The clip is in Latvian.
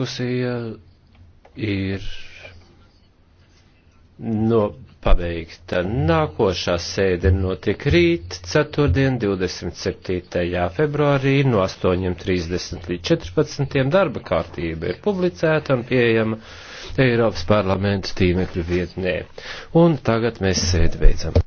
diskusija ir no pabeigta. Nākošā sēde notika rīt, ceturtdien, 27. februārī, no 8.30 līdz 14. darba kārtība ir publicēta un pieejama Eiropas parlamenta tīmekļu vietnē. Un tagad mēs sēdi beidzam.